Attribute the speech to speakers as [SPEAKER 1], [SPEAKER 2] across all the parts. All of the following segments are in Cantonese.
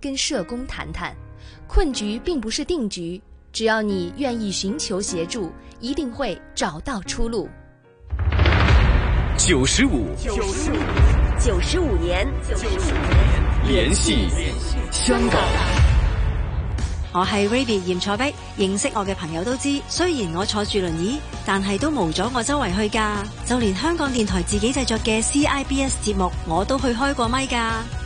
[SPEAKER 1] 跟社工談談，困局並不是定局，只要你願意尋求協助，一定會找到出路。九十
[SPEAKER 2] 五，九十五，
[SPEAKER 3] 九十五年，九
[SPEAKER 4] 十五年，聯
[SPEAKER 3] 繫香港。我係 Raby 嚴楚碧，認識我嘅朋友都知，雖然我坐住輪椅，但係都冇咗我周圍去噶，就連香港電台自己製作嘅 CIBS 節目，我都去開過咪噶。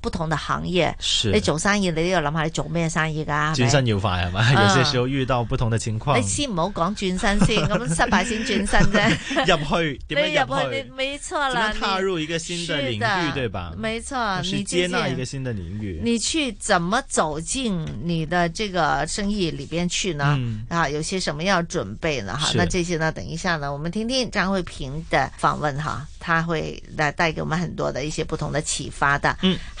[SPEAKER 1] 不同的行業是，你做生意，你都要諗下你做咩生意噶，啊。轉身
[SPEAKER 2] 要快係嘛，有些時候遇到不同的情況。你先
[SPEAKER 1] 唔好講轉身先，咁失敗先轉身啫。入
[SPEAKER 2] 去，去，對，入去，你，你沒錯
[SPEAKER 1] 啦，踏入一
[SPEAKER 2] 個新的領域，對吧？沒錯，你接納一個新的領域你。你去
[SPEAKER 1] 怎麼走進你的這個生意裏邊去呢？啊、嗯，有些什麼要準備呢？哈，那這些呢？等一下呢，我們聽聽張惠平的訪問哈，他會來帶給我們很多的一些不同的啟發的。嗯，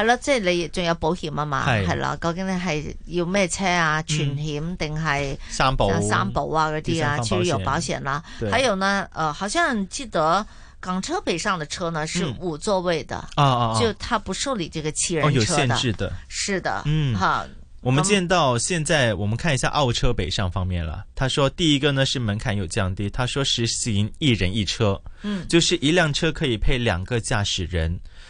[SPEAKER 1] 係啦，即係你仲有保險啊嘛，係啦，究竟你係要咩車啊？全險定係三保三保啊嗰啲啊，其實有保險啦。還有呢，呃，好像記得港車北上的車呢是五座位的，嗯、啊啊啊就他不受理這個七人車的，、哦、有限制的。是的，嗯，好。
[SPEAKER 2] 我們見到現在，我們看一下澳車北上方面啦。他說第一個呢是門檻有降低，他說實行一人一車，嗯，就是一輛車可以配兩個駕駛人。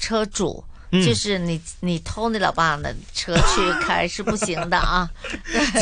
[SPEAKER 2] 車主、嗯、就是
[SPEAKER 1] 你，你偷你老爸的車去開是不行的啊！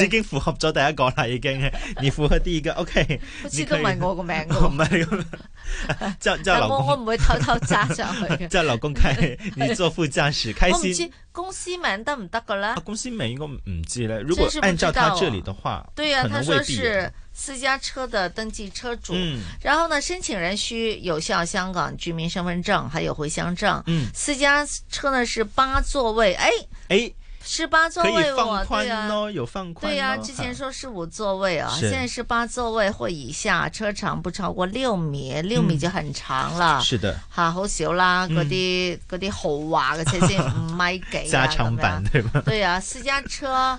[SPEAKER 2] 已 經符合咗第一個啦，已經，你符合第一個，OK。 好似都唔係我個名噶，唔係 叫叫老公。我
[SPEAKER 1] 我唔會偷偷揸上去， 叫
[SPEAKER 2] 老公開，你坐副駕駛 開心。
[SPEAKER 1] 公司名得唔得噶啦？公司
[SPEAKER 2] 名我唔知咧，如果按照他這裡的話，啊、對呀、啊，他說是。
[SPEAKER 1] 私家車的登記車主，嗯，然後呢，申請人需有效香港居民身份證，還有回鄉證。嗯，私家車呢是八座位，哎哎，是八座位哦，放寬，對
[SPEAKER 2] 啊，有放寬。對啊，
[SPEAKER 1] 之前說是五座位啊，現在是八座位或以下，車長不超過六米，嗯，六米就很長了。是的，哈，好少啦，嗰啲嗰啲豪華嘅車先五米幾。加 強版對吧？對啊，私家車。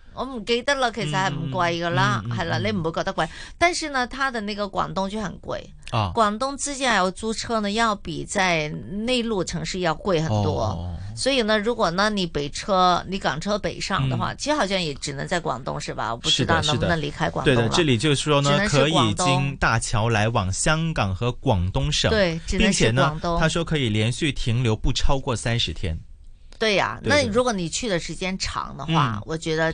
[SPEAKER 1] 我唔記得了，其實係唔貴噶啦，係 啦，你唔會覺得貴？但是呢，它的那個廣東就很貴。哦，廣東自駕遊租車呢，要比在內陸城市要貴很多。哦、所以呢，如果呢你北車，你港車北上的話，嗯，其實好像也只能在廣東，是吧？我不知道能不能離開廣東。對的，這裏
[SPEAKER 2] 就是說呢是，可以經大橋來往香港和廣東省。對，只能是廣東，並且呢，他說可以連續停留不超過三十天。
[SPEAKER 1] 對呀、啊，那如果你去的時間長的話，嗯、我覺得。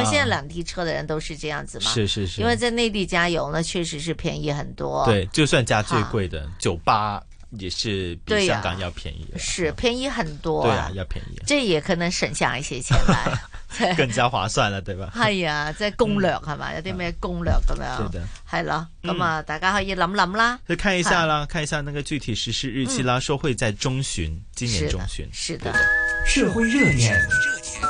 [SPEAKER 1] 啊、現在兩地車的人都是這樣子嗎？是是是，因為在內地加油呢，確實是便宜很多。對，
[SPEAKER 2] 就算加最貴的、啊、九八也是比香港要便宜、啊
[SPEAKER 1] 啊，是便宜很多、啊。對啊，
[SPEAKER 2] 要便宜，這
[SPEAKER 1] 也可能省下一些錢來， 更
[SPEAKER 2] 加划算了，對吧？
[SPEAKER 1] 哎呀，這攻略是吧？有啲咩攻略咁樣？是的，係咯，咁、嗯、啊，大家可以諗諗啦。可以看一下啦、
[SPEAKER 2] 嗯，看一下那個具體實施日期啦、嗯，說會在中旬，今年中旬。是的，是的對對社會熱點。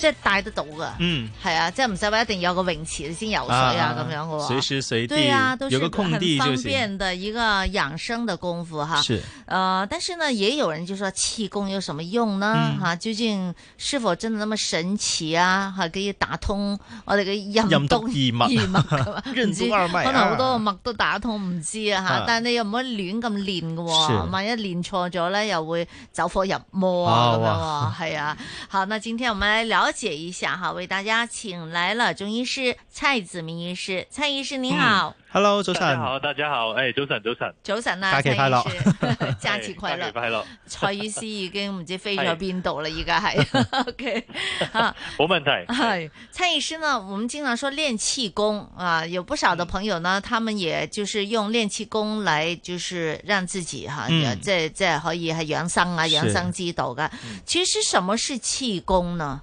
[SPEAKER 1] 即係帶得到噶，嗯，係啊，即係唔使話一定要有個泳池你先游水啊，咁、啊、樣噶喎，隨時
[SPEAKER 2] 隨地，有個空地、
[SPEAKER 1] 就是啊、方便的一個養生的功夫吓，呃、啊，但是呢，也有人就說氣功有什麼用呢？吓、嗯啊，究竟是否真的那麼神奇啊？吓、啊，可以打通我哋嘅任督二脈，二脈，可能好多個脈都打通唔知啊，吓、啊，但係你又唔可以亂咁練噶喎，萬一練錯咗咧，又會走火入魔咁係啊，好、啊啊啊啊啊啊啊，那今天我們來，聊。了解一下哈，為大家請來了中醫師蔡子明醫師。蔡醫師您好、嗯、
[SPEAKER 5] ，Hello，早晨好，大家好，哎，早晨，早晨，早
[SPEAKER 1] 晨啊！假期快樂，假期快樂，
[SPEAKER 5] 蔡醫
[SPEAKER 1] 師已經唔知飛咗邊度啦，依家係 OK 啊，
[SPEAKER 5] 冇問題。
[SPEAKER 1] 蔡醫師呢，我們經常說練氣功啊，有不少的朋友呢，他們也就是用練氣功來，就是讓自己哈，即、啊、即、嗯、可以係養生啊，養生之道噶。其實什麼是氣功呢？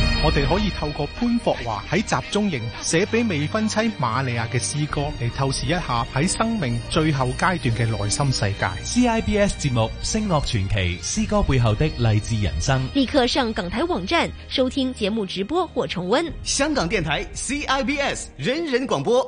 [SPEAKER 5] 我哋可以透過潘霍華喺集中營寫
[SPEAKER 2] 俾未婚妻瑪利亞嘅詩歌，嚟透視一下喺生命最後階段嘅內心世界。CIBS 節目《聲樂傳奇》詩歌背後的勵志人生，立
[SPEAKER 1] 刻上港台網站收聽節目直播或重溫。香港電台 CIBS
[SPEAKER 2] 人人廣播。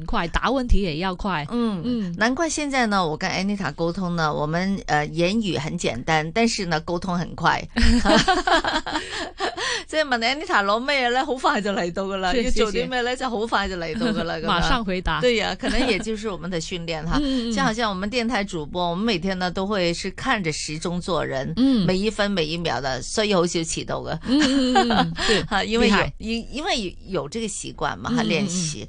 [SPEAKER 1] 很快答問題也要快，嗯嗯，難怪現在呢，我跟 Anita 溝通呢，我們呃言語很簡單，但是呢溝通很快，即係問 Anita 攞咩呢，好快就嚟到噶啦，要做啲咩呢？就好快就嚟到噶啦， 馬上回答，對呀，可能也就是我們的訓練哈，像 好像我們電台主播，我們每天呢都會是看着時鐘做人，嗯， 每一分每一秒的，所以好少遲到噶，嗯，對，因為有因因為有這個習慣嘛，哈，練、嗯、習。嗯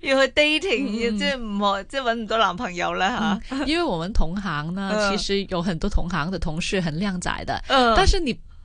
[SPEAKER 1] 要 去 dating 要即係
[SPEAKER 6] 唔係，即係搵唔到男朋友啦吓，啊嗯，因為我們同行呢， 其實有很多同行的同事很靚仔的、嗯，但是你。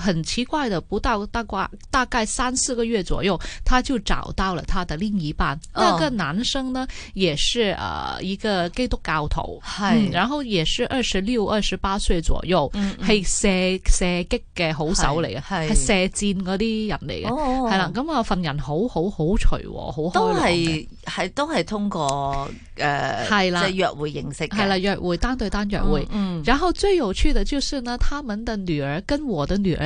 [SPEAKER 6] 很奇怪的，不到大概大概三四個月左右，他就找到了他的另一半。那個男生呢，也是呃一個基督教徒，嗯，然後也是二十六二十八歲左右，嗯，嗯，係射射擊嘅好手嚟嘅，係射箭啲人嚟嘅，哦，哦，哦，係啦，咁啊份人好好好隨和，好都係係都係通過誒係、呃、啦，即、就、係、是、約會形式，係啦，約會單對單約會，嗯，嗯，然後最有趣的就是呢，他們的女兒跟我的女兒。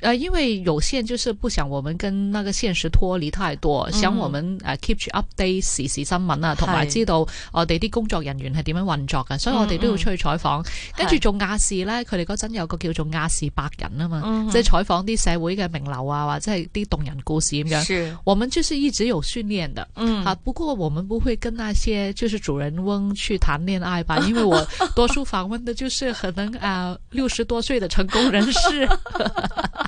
[SPEAKER 6] 呃、因為有限，就是不想我們跟那個現實脫離太多，嗯、想我們誒、呃、keep 住 update 時事新聞啊，同、嗯、埋知道我哋啲工作人員係點樣運作嘅，所以我哋都要出去採訪，嗯嗯、跟住做亞視呢，佢哋嗰陣有個叫做亞視白人啊嘛，即係採訪啲社會嘅名流啊，或者係啲動人故事咁樣。是我們就是一直有訓練的。嗯，啊，不過我們不會跟那些就是主人翁去談戀愛吧？ 因為我多數訪問的，就是可能啊六十多歲的成功人士。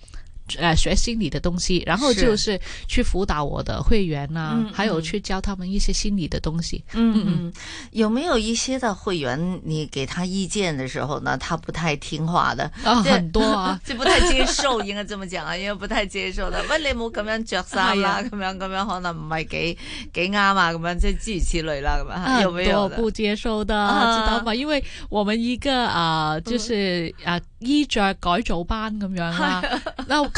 [SPEAKER 6] 呃，學心理的東西，然後就是去輔導我的會員啊，還有去教他們一些心理的東西。嗯嗯，
[SPEAKER 1] 有沒有一些的會員，你給他意見的時候呢，他不太聽話的？啊，很多啊，就不太接受， 應該這麼講啊，因為不太接受的。喂，你有冇咁樣着衫啊，咁 樣咁樣可能唔係幾幾啱啊，咁樣即係諸如此類啦，咁啊，有冇有？多不
[SPEAKER 6] 接受的，知道嘛、啊？因為我們一個啊，就是、嗯、啊，衣着改造班咁樣啦、啊，那。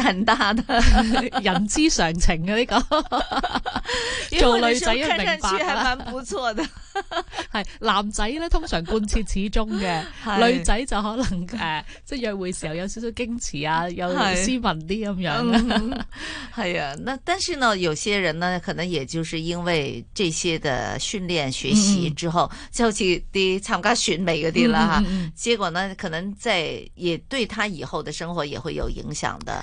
[SPEAKER 1] 很大的， 人之常情嘅呢個。 做女仔要明白啦。看上去還
[SPEAKER 6] 蠻不錯的。係 男仔咧，通常貫徹始終嘅； 女仔就可能誒，即、呃、係約會時候有少少矜持啊，
[SPEAKER 3] 有斯
[SPEAKER 1] 文啲咁樣啦。係、 嗯、啊，那但是呢，有些人呢，可能也就是因為這些的訓練、學習之後，嗯、就好似啲參加選美嗰啲啦。哈、嗯嗯，結果呢，可能在也對他以後的生活也會有影響的。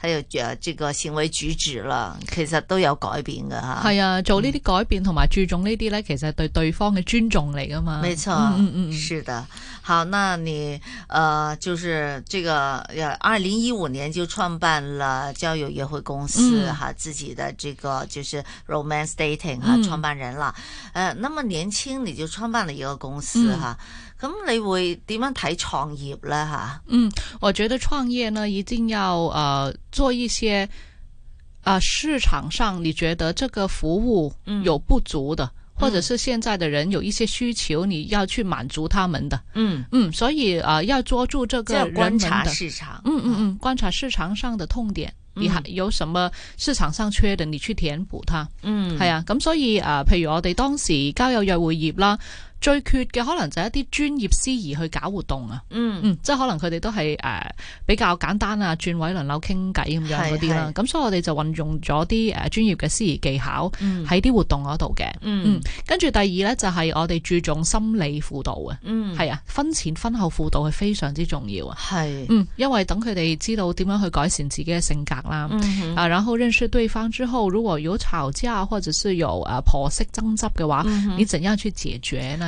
[SPEAKER 1] 還有這這個行為舉止啦，其實都有改變的哈。係啊，
[SPEAKER 6] 做呢啲改變同埋注重呢啲呢，其實對對方嘅尊
[SPEAKER 1] 重嚟噶嘛。沒錯，嗯，嗯嗯，是的。好，那你呃，就是這個，二零一五年就創辦了交友約會公司哈、嗯，自己的這個就是 romance dating 哈，創辦人啦、嗯。呃，那麼年輕你就創辦了一個公司哈。嗯咁你會點樣睇創業咧？吓，嗯，
[SPEAKER 6] 我覺得創業呢，一定要誒、呃，做一些啊、呃，市場上你覺得這個服務有不足的，嗯、或者是現在的人有一些需求，你要去滿足他們的。嗯嗯，所以啊、呃，要抓住這個觀察市場，嗯嗯嗯，觀察市場上的痛點，嗯、你還有什麼市場上缺的，你去填補它。
[SPEAKER 7] 嗯，係啊，
[SPEAKER 6] 咁所以啊，譬、呃、如我哋當時交友約會業啦。最缺嘅可能就係一啲專業司儀去搞活動啊、嗯，嗯，即係可能佢哋都係誒、呃、比較簡單啊，轉位輪流傾偈咁樣嗰啲啦。咁所以我哋就運用咗啲誒專業嘅司儀技巧喺啲活動嗰度嘅，嗯，跟住第二咧就係我哋注重心理輔導嘅，嗯，係啊，婚前婚後輔導係非常之重要啊，係，嗯，因為等佢哋知道點樣去改善自己嘅性格啦、嗯，啊，然後認識對方之後，如果有吵架或者是有誒婆媳爭執嘅話、嗯，你怎樣去解決呢？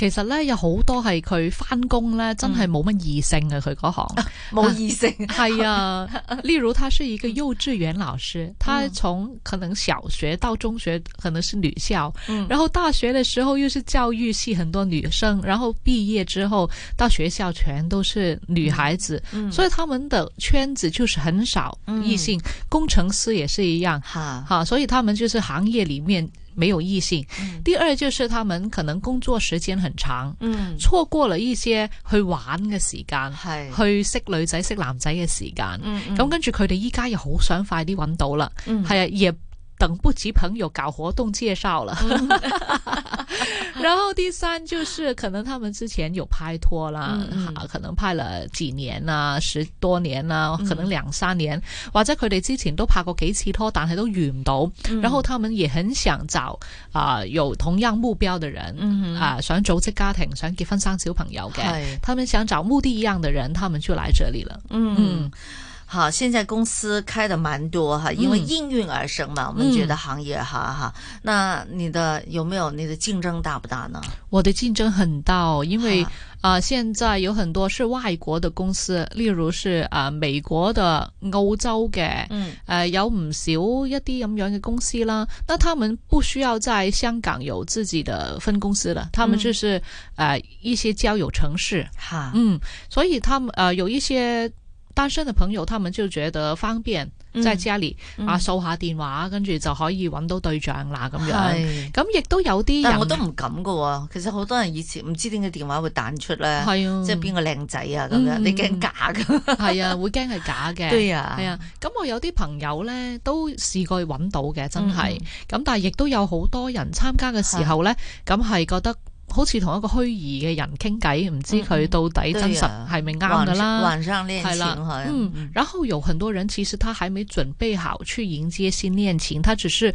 [SPEAKER 6] 其實呢，有好多係佢返工呢，真係冇乜異性嘅，佢嗰行，冇、啊、異性。係啊，啊，例如他是一個幼稚園老師，嗯、他從可能小學到中學可能是女校，嗯、然後大學的時候又是教育系，很多女生，然後畢業之後到學校全都是女孩子，嗯、所以他們的圈子就是很少異性、嗯。工程師也是一樣哈、啊，所以他們就是行業裏面。沒有異性，第二就是他們可能工作時間很長，嗯、錯過了一些去玩嘅時間，去識女仔識男仔嘅時間。咁跟住佢哋依家又好想快啲揾到啦，係、嗯、啊，又等不及朋友搞活動介紹燒啦。嗯 然後第三，就是可能他們之前有拍拖啦，嗯啊、可能拍了幾年啦、啊，十多年啦、啊，可能兩三年，嗯、或者佢哋之前都拍過幾次拖，但係都遇唔到、嗯，然後他們也很想找啊、呃、有同樣目標的人，啊、嗯呃、想組織家庭，想結婚生小朋友嘅，
[SPEAKER 1] 他們想找目的一樣的人，他們就來這裏
[SPEAKER 7] 了。嗯。嗯
[SPEAKER 1] 好，現在公司開的蠻多哈，因為應運而生嘛。嗯、我們覺得行業哈哈、嗯，那你的有沒有你的競爭大不大呢？
[SPEAKER 6] 我的競爭很大哦，因爲啊、呃，現在有很多是外國的公司，例如是啊、呃，美國的、歐洲的，嗯，誒、呃，有唔少一啲咁樣嘅公司啦。那他們不需要在香港有自己的分公司了，他們就是啊、嗯呃，一些交友城市。哈。嗯，所以他們啊、呃，有一些。單身嘅朋友，他們就覺得方便，即係 Jenny 啊，掃下電話，跟住就可以揾到對象啦咁、嗯、樣。咁亦都有啲人，我都
[SPEAKER 1] 唔敢噶。其實好多人以前唔知點解電話會彈出咧、啊，即係邊個靚仔啊咁樣、嗯，你驚假噶？係啊，會驚係假嘅。係啊，
[SPEAKER 6] 咁我有啲朋友咧都試過揾到嘅，真係。咁、嗯、但係亦都有好多人參加嘅時候咧，咁係覺得。好似同一個虛擬嘅人傾偈，唔知佢到底真實係咪啱㗎喇？係、嗯、啦、啊，嗯。然後有很多人其實他還沒準備好去迎接新戀情，他只是。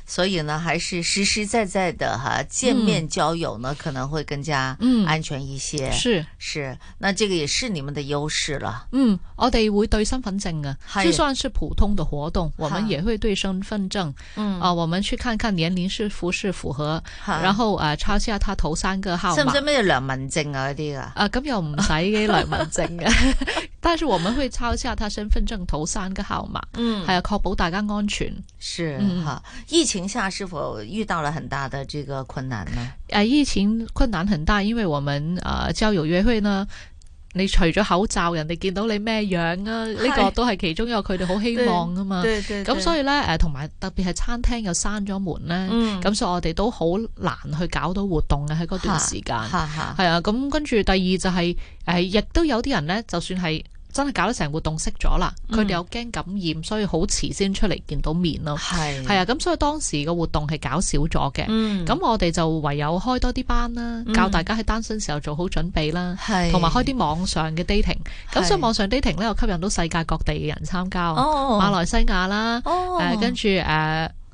[SPEAKER 1] 所以呢，還是實實在在的哈，見面交友呢、嗯，可能會更加安全一些。嗯、是是，那這個也是你們的優勢
[SPEAKER 6] 了。嗯，我哋會對身份證啊是，就算是普通的活動，我們也會對身份證。嗯啊，啊，我們去看看年齡是符是符合、啊，然後啊，抄下他頭三個號碼。是不是沒有
[SPEAKER 1] 良民證啊？嗰啲啊，啊，咁
[SPEAKER 6] 又唔使嘅良民證、啊。 但是我們會抄下他身份證頭三個號碼。嗯，係啊，確保大家
[SPEAKER 1] 安全。是，哈、嗯啊，疫情。下是否遇到了很大的這個困
[SPEAKER 6] 難呢？誒、啊，以前困難很大，因為我們誒交友約會呢，你除咗口罩，人哋見到你咩樣啊？呢、這個都係其中一個佢哋好希望噶嘛。咁所以呢，誒、啊，同埋特別係餐廳又閂咗門呢，咁、嗯、所以我哋都好難去搞到活動嘅喺嗰段時間。係啊，咁跟住第二就係、是、誒，亦、啊、都有啲人呢，就算係，真係搞到成個活動熄咗啦！佢哋有驚感染，所以好遲先出嚟見到面咯。係，係啊，咁所以當時個活動係搞少咗嘅。咁、嗯、我哋就唯有開多啲班啦、嗯，教大家喺單身時候做好準備啦，同埋開啲網上嘅 dating。咁所以網上 dating 咧又吸引到世界各地嘅人參加，馬來西亞啦，哦呃、跟住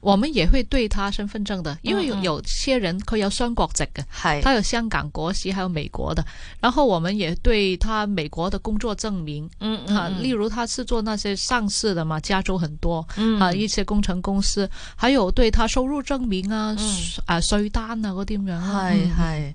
[SPEAKER 1] 我們也會對他身份證的，因為有，
[SPEAKER 6] 嗯、有些人他有雙國籍的，他有香港國籍，還有美國的。然後我們也對他美國的工作證明，嗯，嗯、啊、例如他是做那些上市的嘛，加州很多，嗯、啊一些工程公司，還有對他收入證明啊，嗯、
[SPEAKER 1] 啊稅單啊，嗰啲咁樣。係係、啊。嗯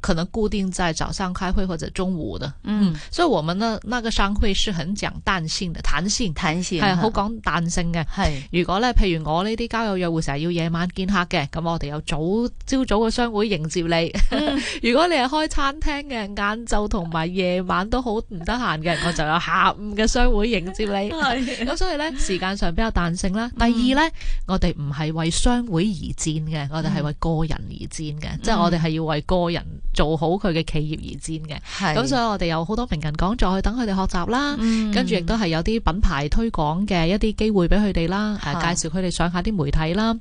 [SPEAKER 6] 可能固定在早上開會或者中午的，嗯，所以我們呢，那個商會是很講彈性的，彈性，彈性，係好講彈性嘅。係如果咧，譬如我呢啲交友約會成日要夜晚見客嘅，咁我哋有早朝早嘅商會迎接你。嗯、 如果你係開餐廳嘅，晏晝同埋夜晚都好唔得閒嘅，我就有下午嘅商會迎接你。咁 是， 所以咧時間上比較彈性啦。嗯、第二咧，我哋唔係為商會而戰嘅、嗯，我哋係為個人而戰嘅、嗯，即係我哋係要為個人。做好佢嘅企業而戰嘅，咁所以我哋有好多名人講座去等佢哋學習啦，跟住亦都係有啲品牌推廣嘅一啲機會俾佢哋啦，誒介紹佢哋上下啲媒體啦，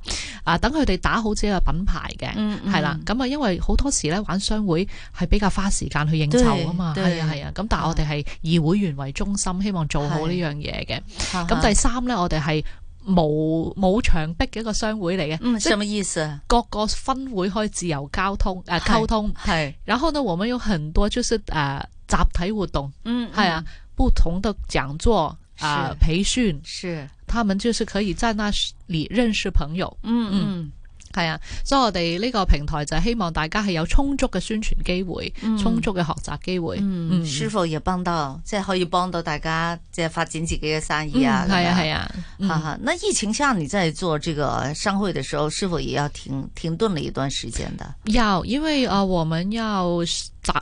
[SPEAKER 6] 啊等佢哋打好自己嘅品牌嘅，係、嗯、啦，咁、嗯、啊因為好多時咧玩商會係比較花時間去應酬啊嘛，係啊係啊，咁但我哋係以會員為中心，希望做好呢樣嘢嘅，咁第三呢、嗯，我哋係。冇冇牆壁嘅一個商會嚟嘅，嗯，什麼意思？各個分會可以自由交通誒，啊、溝通係。然後呢，我們有很多就是誒、啊、集體活動，嗯，係、嗯、啊，不同的講座啊，培訓，是，他們就是可以在那裏認識朋友，嗯。嗯嗯係啊，所以我哋呢個平台就係希望大家係
[SPEAKER 1] 有充足嘅宣傳機會，嗯、充足嘅學習機會，
[SPEAKER 7] 嗯，是
[SPEAKER 1] 否亦幫到，即係可以幫到大家，即係發展自己嘅生意啊。係啊係啊，哈哈、啊。 那疫情下，你在做這個商會嘅時候，是否也要停停頓了一段時間的？要，因
[SPEAKER 6] 為啊，我們要打。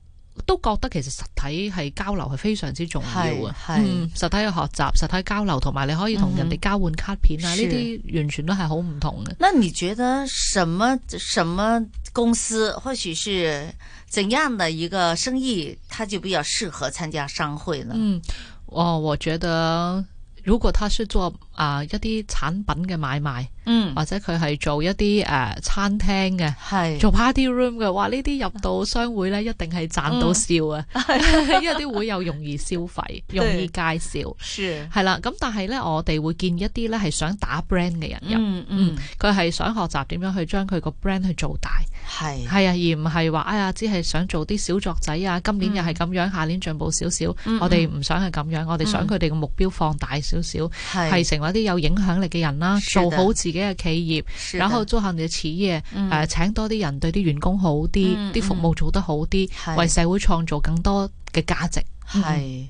[SPEAKER 6] 都覺得其實實體係交流係非常之重要嘅。嗯，實體嘅學習、實體交流同埋你可以同人哋交換卡片啊，呢、嗯、啲完全都係好唔同嘅。那
[SPEAKER 1] 你覺得什麼什麼公司，或許是怎樣的一個生意，他就比較適合參加商會呢？嗯，哦，我覺得
[SPEAKER 6] 如果他是做。啊、呃！一啲產品嘅買賣，嗯，或者佢係做一啲、呃、餐廳嘅，係做 party room 嘅，哇！呢啲入到商會咧，一定係賺到笑啊，因為啲會友容易消費，容易介紹，係啦。咁但係咧，我哋會見一啲咧係想打 brand 嘅人入，嗯，嗯，佢、嗯、係、嗯、想學習點樣去將佢個 brand 去做大，係係啊，而唔係話哎呀，只係想做啲小作仔啊，今年又係咁樣，下、嗯、年進步少少、嗯嗯，我哋唔想係咁樣，我哋想佢哋嘅目標放大少少，係、嗯、成為。啲有影響力嘅人啦，做好自己嘅企業的，然後做下你嘅企業，誒、呃，請多啲人對啲員工好啲，啲、嗯、服務做得好啲，為社會創造更多嘅價值。係。嗯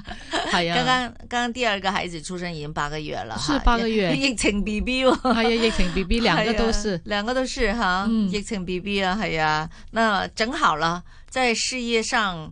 [SPEAKER 1] 係啊，剛剛剛剛第二個孩子出生已經八個月啦，係八個月疫情 B B，係啊，疫情 B、哦、 B，兩個都是， 哎、兩個都是吓，嗯、疫情 B B 啊，係、哎、啊，那整好啦，在事業上。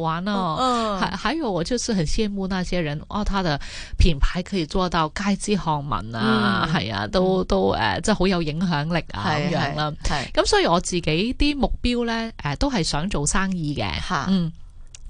[SPEAKER 6] 玩、哦、咯，嗯，還還有我就是很羨慕那些人，哦，他的品牌可以做到街知巷聞啊，係、嗯、啊，都、嗯、都誒，即係好有影響力啊咁樣啦、啊。係，咁所以我自己啲目標咧，誒、呃，都係想做生意嘅。嗯，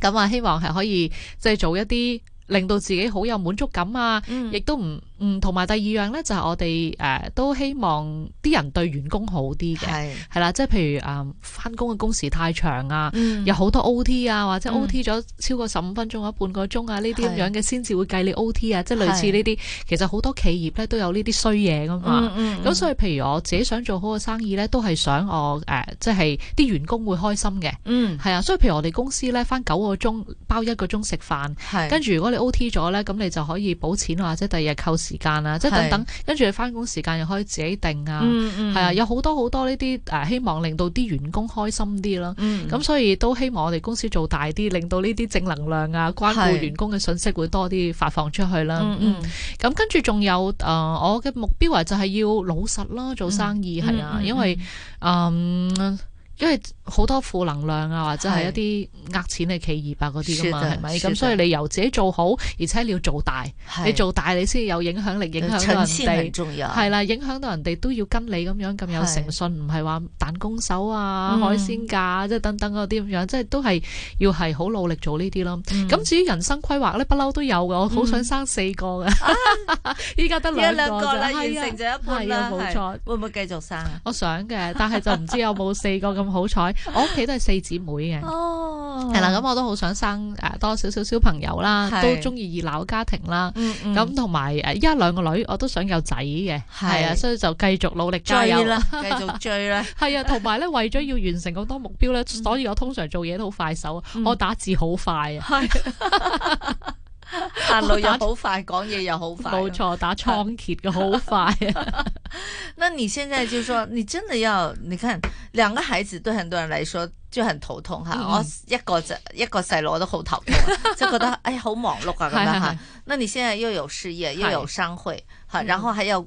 [SPEAKER 6] 咁啊，希望係可以即係做一啲令到自己好有滿足感啊，亦、嗯、都唔。嗯，同埋第二樣咧就係、是、我哋誒、呃、都希望啲人對員工好啲嘅，係啦，即係譬如誒翻工嘅工時太長啊、嗯，有好多 O.T. 啊，或者 O.T. 咗超過十五分鐘啊、嗯、半個鐘啊呢啲咁樣嘅先至會計你 O.T. 啊，即係類似呢啲，其實好多企業咧都有呢啲衰嘢噶嘛，咁、嗯嗯嗯、所以譬如我自己想做好個生意咧，都係想我誒即係啲員工會開心嘅，嗯，係啊，所以譬如我哋公司咧翻九個鐘包一個鐘食飯，係、跟住如果你 O.T. 咗咧，咁你就可以補錢或者第二日扣。時間啦、啊，即係等等，跟住翻工時間又可以自己定啊，係、嗯嗯、啊，有好多好多呢啲誒，希望令到啲員工開心啲啦。咁、嗯、所以都希望我哋公司做大啲，令到呢啲正能量啊，關顧員工嘅信息會多啲發放出去啦。咁、嗯嗯、跟住仲有誒、呃，我嘅目標就係要老實啦，做生意係、嗯、啊、嗯嗯，因為誒。呃因為好多負能量啊，或者係一啲呃錢嘅企業啊，嗰啲噶嘛，係咪？咁所以你由自己做好，而且你要做大，你做大你先有影響力影響重要，影響到人哋。係啦，影響到人哋都要跟你咁樣咁有誠信，唔係話彈弓手啊，嗯、海鮮價，即係等等嗰啲咁樣，即係都係要係好努力做呢啲咯。咁、嗯、至於人生規劃咧，不嬲都有噶，我好想生四個噶，依家得兩個啫，個 完成就一半啦，冇錯。
[SPEAKER 1] 會唔會繼續生
[SPEAKER 6] 啊？我想嘅，但係就唔知有冇四個咁。好彩，我屋企都係四姊妹嘅，
[SPEAKER 7] 係、哦、啦，咁我
[SPEAKER 6] 都好想生誒，多少少小朋友啦，都中意熱鬧家庭啦，咁同埋誒，依家、嗯、兩個女，我都想有仔嘅，係啊，所以就繼續努力加油，繼續追啦，係 啊，同埋咧為咗要完成咁多目標咧、嗯，所以我通常做嘢都好快手、嗯，我打字好快啊。
[SPEAKER 1] 行路又好快，
[SPEAKER 6] 講嘢又好快，冇錯，打倉頡嘅好快
[SPEAKER 1] 啊。 那你現在就說，你真的要？你看兩個孩子對很多人來說就很頭痛、嗯、我一個仔一個細路我都好頭痛， 就覺得哎呀好忙碌啊咁 樣吓。那你現在又有事業，又有商會吓，然後還要。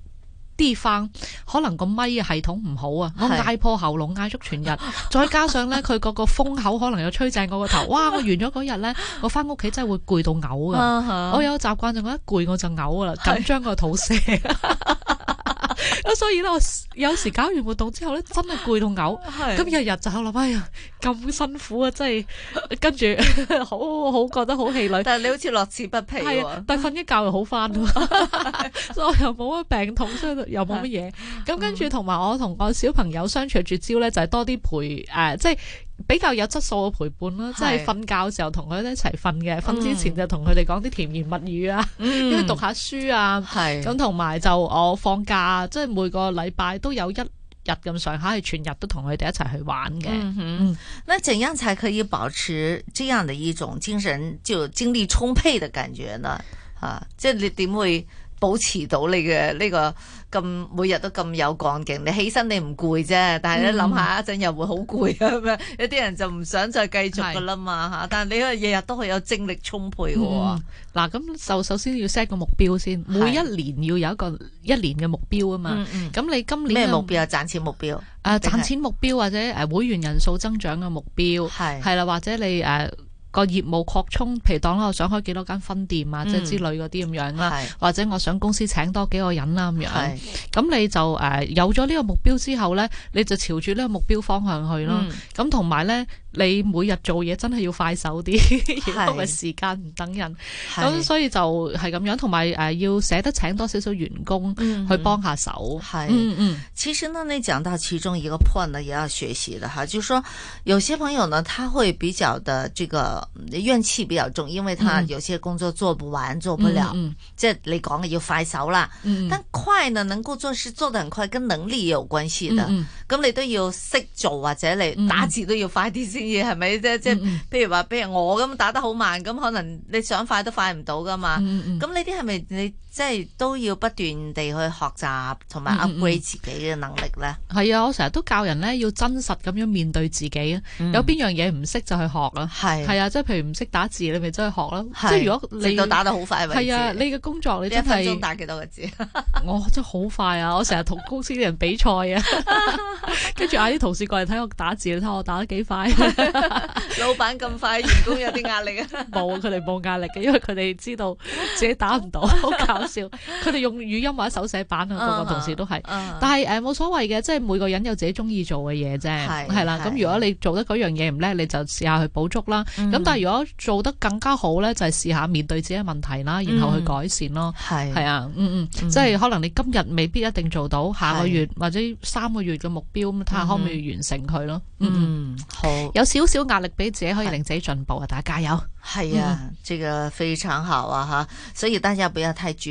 [SPEAKER 6] 啲地方可能個咪系統唔好啊，我嗌破喉嚨嗌足全日，再加上咧佢嗰個風口可能又吹正我個頭，哇！我完咗嗰日咧，我翻屋企真係會攰到嘔啊、uh -huh.！我有習慣就覺得攰我就嘔啦，緊張個肚瀉。 咁 所以咧，我有時搞完活動之後咧，真係攰到嘔。咁日日就諗，哎呀，咁辛苦啊，真係 跟住，好好，好，好覺得好氣餒。 但係你好似樂此不疲、啊。係但係瞓一覺又好返， 所以我又冇乜病痛，所以又冇乜嘢。咁跟住同埋我同個小朋友相處絕招咧，就係、是、多啲陪誒、呃，即係。比較有質素嘅陪伴囉，即係瞓覺嘅時候同佢一齊瞓嘅，瞓之前就同佢哋講啲甜言蜜語啊，跟、嗯、住 讀下書啊，咁同埋就我放假即係每個禮拜都有一日咁上下，係全日都同佢哋一齊去玩
[SPEAKER 1] 嘅、嗯嗯。那怎樣才可以，保持到你嘅呢、這個咁每日都咁有幹勁，你起身你唔攰啫，但係你諗下一陣又會好攰啊咁樣，有啲人就唔想再繼續噶啦嘛吓。但係你日日都可以有精力充沛嘅喎。
[SPEAKER 6] 嗱、嗯，咁首首先要 set 個目標先，每一年要有一個一年嘅目標啊嘛。咁你今年咩目標？賺錢目標。啊，賺錢目標或者誒會員人數增長嘅目標係係啦，或者你誒。啊個業務擴充，譬如當啦，我想開幾多間分店啊，即係之類嗰啲咁樣啦，或者我想公司請多幾個人啦咁樣，咁你就誒有咗呢個目標之後咧，你就朝住呢個目標方向去咯，咁同埋咧。你每日做嘢真係要快手啲，因 為時間唔等人，咁所以就係咁樣。同埋誒，要捨得請多少少
[SPEAKER 1] 員工去幫下手。係，嗯嗯。其實呢，嗯、你講到其中一個 point，呢，也要學習的哈。就是、說有些朋友呢，他會比較的這個怨氣比較重，因為他有些工作做不完、嗯、做不了，即、嗯、係、就是、你講嘅要快手啦、嗯。但快呢，能夠做事做得很快，跟能力有關係的。咁、嗯、你都要識做，或者你打字都要快啲先、嗯。嗯係咪啫？即、嗯、係、嗯、譬如話，譬如我咁打得好慢，咁可能你想快都快唔到㗎嘛。咁呢啲係咪你？即係都要不斷地去學習同埋 upgrade 自己嘅能力咧。
[SPEAKER 6] 係、嗯嗯嗯、啊，我成日都教人，咧要真實咁樣面對自己，嗯、有邊樣嘢唔識就去學。係係啊。係啊，即係譬如唔識打字，你咪真係學咯。即係如果你都打得好快嘅位置係啊，你嘅工作你真係。一分鐘打幾多個字？ 我真係好快啊！我成日同公司啲人比賽啊，跟住嗌啲同事過嚟睇我打字，你睇我打得幾快。
[SPEAKER 1] 老闆咁快，員工有啲 壓力啊？
[SPEAKER 6] 冇，佢哋冇壓力嘅，因為佢哋知道自己打唔到。 很笑，佢哋用語音或者手寫板，啊，個個同事都係。Uh -huh. Uh -huh. 但係誒，冇、呃、所謂嘅，即係每個人有自己中意做嘅嘢啫。係係 啦，咁如果你做得嗰樣嘢唔叻，你就試下去補足啦。咁、嗯、但係如果做得更加好咧，就係試下面對自己嘅問題啦，然後去改善咯。係、嗯、啊，嗯嗯嗯、即係可能你今日未必一定做到，下個月或者三個月嘅目標咁，睇下可唔可以完
[SPEAKER 1] 成佢咯嗯。嗯，
[SPEAKER 7] 好，
[SPEAKER 1] 有少少壓力俾自己，可以令自己進步啊！大家加油。
[SPEAKER 6] 係
[SPEAKER 7] 啊、
[SPEAKER 1] 嗯，這個非常好啊！吓，所以大家不要太絕。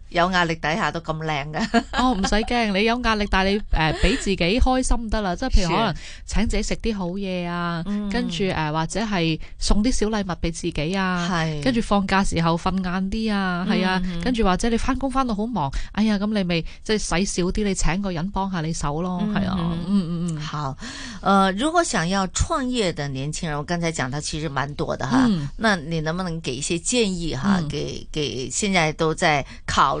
[SPEAKER 1] 有壓力底下都咁靚㗎？哦唔使驚， 你有壓力
[SPEAKER 6] 但係誒俾自己開心得啦，即係譬如可能請自己食啲好嘢啊，嗯、跟住誒、呃、或者係送啲小禮物俾自己啊，跟住放假時候瞓晏啲啊，係、嗯嗯、啊，跟住或者你翻工翻到好忙，哎呀咁你咪即係使少啲，你請個人
[SPEAKER 1] 幫下你手咯，係、嗯嗯、啊，嗯嗯嗯，好，誒、呃、如果想要創業的年輕人，我剛才講得其實蠻多的哈、嗯，那你能不能給一些建議哈、啊？給給現在都在考慮、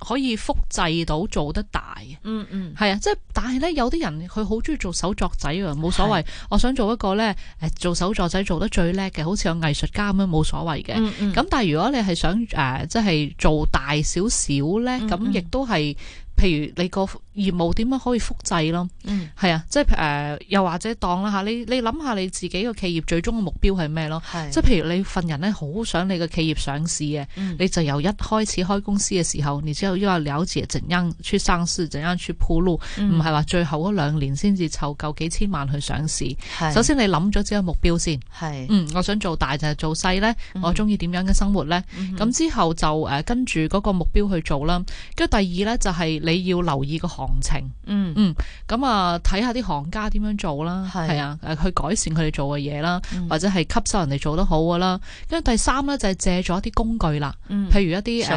[SPEAKER 6] 可以複製到做得大，嗯嗯，係啊，即係但係咧有啲人佢好中意做手作仔㗎，冇所謂。我想做一個咧，誒做手作仔做得最叻嘅，好似有藝術家咁樣冇所謂嘅。咁、嗯嗯、但係如果你係想誒，即、呃、係做大少少咧，咁亦都係，譬如你個業務點樣可以複製咯？嗯，係啊，即係誒，又或者當啦嚇，你你諗下你自己個企業最終嘅目標係咩咯？即係譬如你份人咧，好想你個企業上市嘅、嗯，你就由一開始開公司嘅時候，然知道要了解點樣去上市，點樣去鋪路，唔係話最後嗰兩年先至湊夠幾千萬去上市。首先你諗咗自己目標先。係、嗯，我想做大就係做細咧、嗯，我中意點樣嘅生活咧，咁、嗯、之後就誒跟住嗰個目標去做啦。跟、嗯、第二咧就係你要留意個行行、嗯、情，嗯嗯，咁啊，睇下啲行家點樣做啦，係啊，誒，去改善佢哋做嘅嘢啦，或者係吸收人哋做得好㗎啦。跟住第三咧就係、是、借咗一啲工具啦、嗯，譬如一啲誒、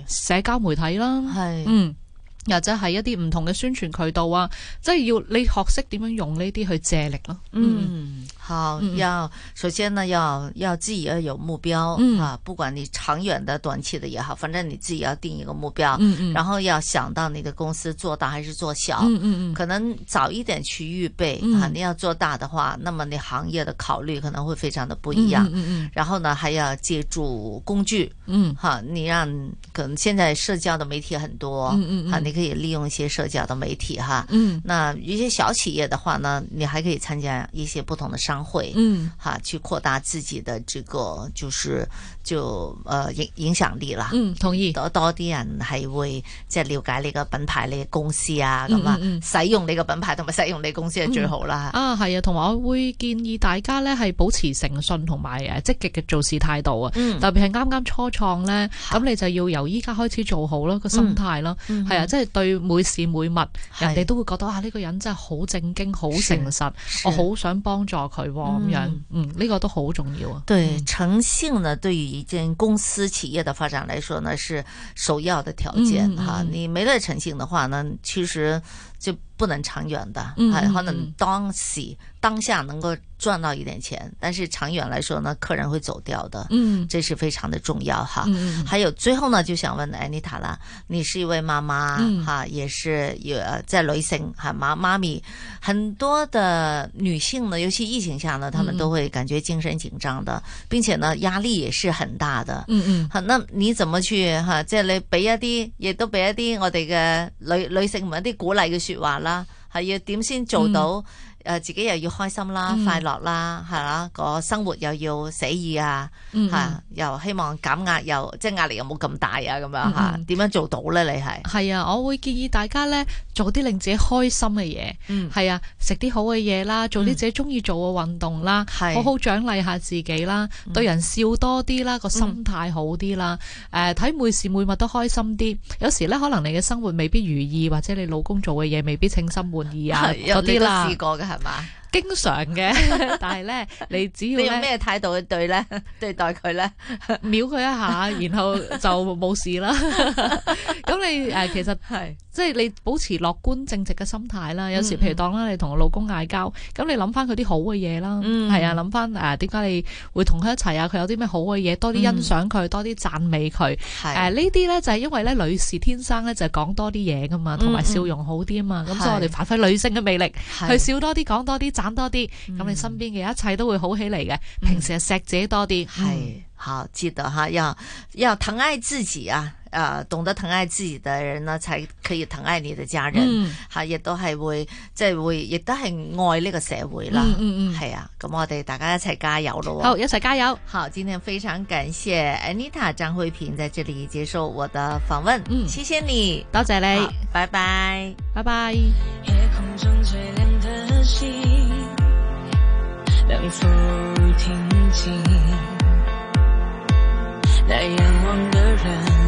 [SPEAKER 6] 啊，社交媒體啦，係，嗯。又或者係一啲唔同嘅宣傳渠道啊，即、就、係、是、要你學識點樣用呢啲去借
[SPEAKER 1] 力咯、啊。嗯，好，嗯、要首先呢要要自己要有目標，嗯啊，不管你長遠的、短期的也好，反正你自己要定一個目標，嗯嗯，然後要想到你的公司做大還是做小，嗯嗯可能早一點去預備，嗯、啊，你要做大的話，那麼你行業的考慮可能會非常的不一樣，嗯嗯，嗯，然後呢，還要借助工具，嗯，好、啊，你讓可能現在社交的媒體很多，嗯嗯，嗯可以利用一些社交的媒體哈，嗯，那一些小企業的話呢，你還可以參加一些不同的商會，嗯，去擴大自己的這個就是就影、呃、影響力啦，嗯，同意，多多啲人係會即係了解你個品牌你公司啊咁啊、嗯嗯，使用你個品牌同埋使用你公司係、嗯、最好啦，啊
[SPEAKER 6] 係啊，同埋我會建議大家咧係保持誠信同埋誒積極嘅做事態度啊、嗯，特別係啱啱初創咧，咁、啊、你就要由依家開始做好咯、啊那個心態咯，係、嗯、啊即。嗯嗯即係對每事每物，人哋都會覺得啊，呢、這個人真係好正經、好誠實，我好
[SPEAKER 1] 想幫助佢咁、哦嗯、樣。嗯，呢、這個都好重要、啊。對誠信呢，嗯、成對於一間公司企業嘅發展嚟說呢，是首要的條件啊、嗯嗯！你沒了誠信的話呢，其實就不能長遠的、嗯，可能當時。當下能夠賺到一點錢，但是長遠來說呢，客人會走掉的，嗯，這是非常的重要哈。嗯嗯。還有最後呢，就想問艾妮塔啦，你是一位媽媽哈、嗯，也是有在雷神哈媽媽咪，很多的女性呢，尤其疫情下呢，她們都會感覺精神緊張的，嗯、並且呢，壓力也是很大的，嗯嗯。好，那你怎麼去哈？這裏俾一啲，也都俾一啲我哋嘅女女性們一啲鼓勵嘅說話啦，係要點先做到？嗯誒，自己又要開心啦，嗯、快樂啦，係啦，個生活又要寫意啊，吓、嗯、又希望減壓，又即係壓力又冇咁大啊，咁、嗯、樣吓，點樣做到咧？你係係啊，我
[SPEAKER 6] 會建議大家咧做啲令自己開心嘅嘢，係、嗯、啊，食啲好嘅嘢啦，做啲自己中意做嘅運動啦、嗯，好好獎勵下自己啦，對人笑多啲啦，個、嗯、心態好啲啦，誒、嗯，睇每時每物都開心啲。有時咧，可能你嘅生活未必如意，或者你老公做嘅嘢未必稱心滿意啊，嗰啲啦。係嘛，經
[SPEAKER 1] 常嘅，但係咧， 你只要你用咩態度去對咧，對待佢咧，
[SPEAKER 6] 秒佢一下，然後就冇事啦。咁 你誒、呃，其實係。即係你保持樂觀正直嘅心態啦，有時譬如當啦你同老公嗌交，咁、嗯、你諗翻佢啲好嘅嘢啦，係、嗯、啊諗翻誒點解你會同佢一齊啊？佢有啲咩好嘅嘢，多啲欣賞佢、嗯，多啲讚美佢，誒呢啲咧就係因為咧女士天生咧就係講多啲嘢噶嘛，同埋笑容好啲啊嘛，咁、嗯、所以我哋發揮女性嘅魅力，去笑多啲，講多啲，讚多啲，咁、嗯、你身邊嘅一切都會好起嚟嘅。平時啊，錫自己多啲，係、嗯、好記
[SPEAKER 1] 得哈，要要疼愛自己啊！誒、呃，懂得疼愛自己的人呢，才可以疼愛你的家人，好、嗯啊、亦都係會即係會，亦都係愛呢個社會啦。嗯嗯，係、嗯、啊，咁我哋大家一齊加油咯！好，一齊加油！好，今天非常感謝 Anita 張慧平在這裏接受我的訪問。嗯，謝謝你，多謝你，
[SPEAKER 3] 拜拜，拜拜。夜空中最亮的星，能否聽清那仰望的人